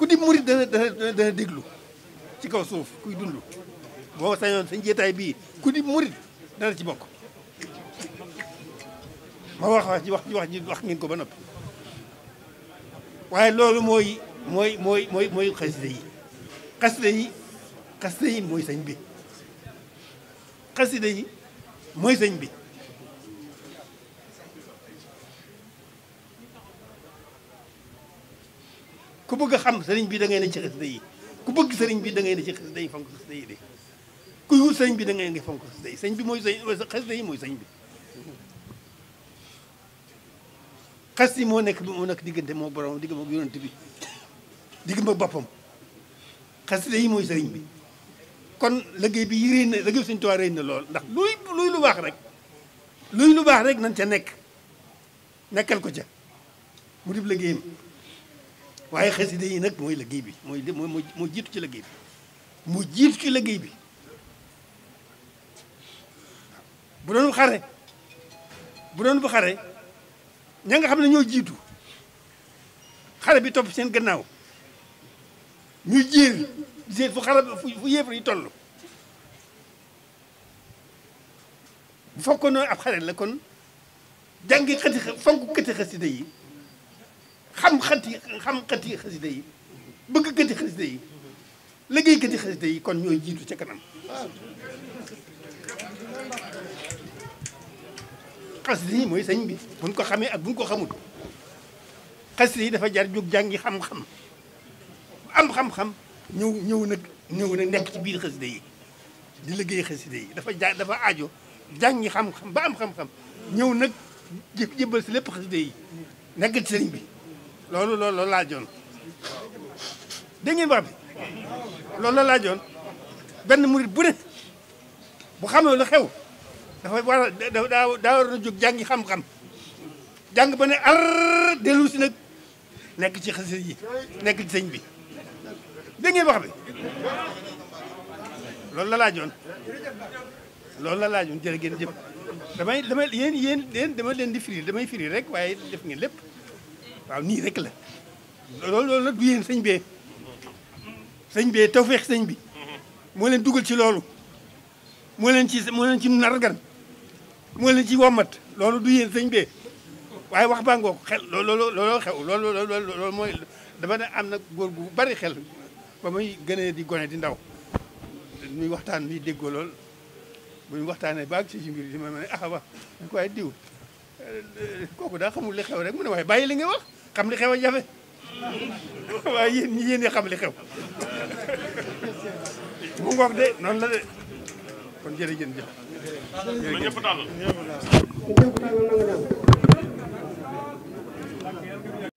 ku di murit dana dana dana déglu ci kaw suuf kuy dund boo sañoon sañ jeetaay bii ku di murit dana ci bokk ma wax wax ci wax ci wax ji wax ngeen ko ba noppi waaye loolu mooy mooy mooy mooy mooy xasida yi xasida yi xasida yi mooy sëñ bi xasida yi mooy sëñ bi ku bëgg a xam sëriñ bi da ngay ne ci xasida yi ku bëgg sëriñ bi da ngay ne ci xasida yi fonk xasida yi de kuy wut sëriñ bi da ngay ne fonk xasida yi sëriñ bi mooy sëriñ xasida yi mooy sëriñ bi xas yi moo nekk moo nekk diggante moo borom digg ma yonent bi digg ma boppam xasida yi mooy sëriñ bi kon liggéey bi réy na liggéey suñu tuwaa réy na lool ndax luy luy lu baax rek luy lu baax rek nañ ca nekk nekkal ko ca mu dib liggéeyam waaye xasida yi nag mooy liggéey bi mooy mooy moo jiitu ci liggéey bi moo jiitu ci liggéey bi bu doon xare bu doon bu xare ña nga xam ne ñoo jiitu xare bi topp seen gannaaw ñu jiir gisee fu xare fu toll bu fekkoon noonu ab xare la kon jàngi xati fonk këti xasida yi xam xati xam xati xasida yi bëgg gënti xasida yi liggéey gënti xasida yi kon ñooy jiitu ci kanam xasida yi mooy sëñ bi buñ ko xamee ak buñ ko xamul xasida yi dafa jar jóg jàngi xam-xam am xam ñëw ñëw nag ñëw nag nekk ci biir xasida yi di liggéey xasida dafa ja dafa aajo jàngi xam ba am xam-xam ñëw nag jëbbal si lépp xasida yi nekk ci sëriñ bi loolu loolu la laajoon dégg ngeen wax bi loolu la laajoon benn murit bu ne bu xamee lu xew dafa war a daa daa war na jóg jàngi xam-xam jàng ba ne ar dellu si nag nekk ci xasida yi nekk ci sëñ bi dégg ngeen wax bi loolu la laajoon loolu la laajoon jërë ngeen jëf damay damay yéen yéen yéen dama leen di firi damay firi rek waaye def ngeen lépp waaw nii rek la loolu loolu nag du yéen sëñ be sëñ bee tawfeex bi moo leen dugal ci loolu moo leen ci moo leen ci nargan moo leen ci wommat loolu du yéen sëñ waaye wax baa ngoo xel loolu loolu loolu mooy dafa ne am na góor gu bari xel ba muy gënee di gone di ndaw muy waxtaan bi déggoo lool bu ñu waxtaanee baag ci si mbir yi ma ne ah waaw ko koy diw kooku daa xamul li xew rek mu ne waaye bàyyi li nga wax xam li xew a jafe waaye yéen ñi yéen xam li xew mu ngoog de noonu la de kon jërëjëf jëf jërëjëf ñëpp tàllal ñëpp tàllal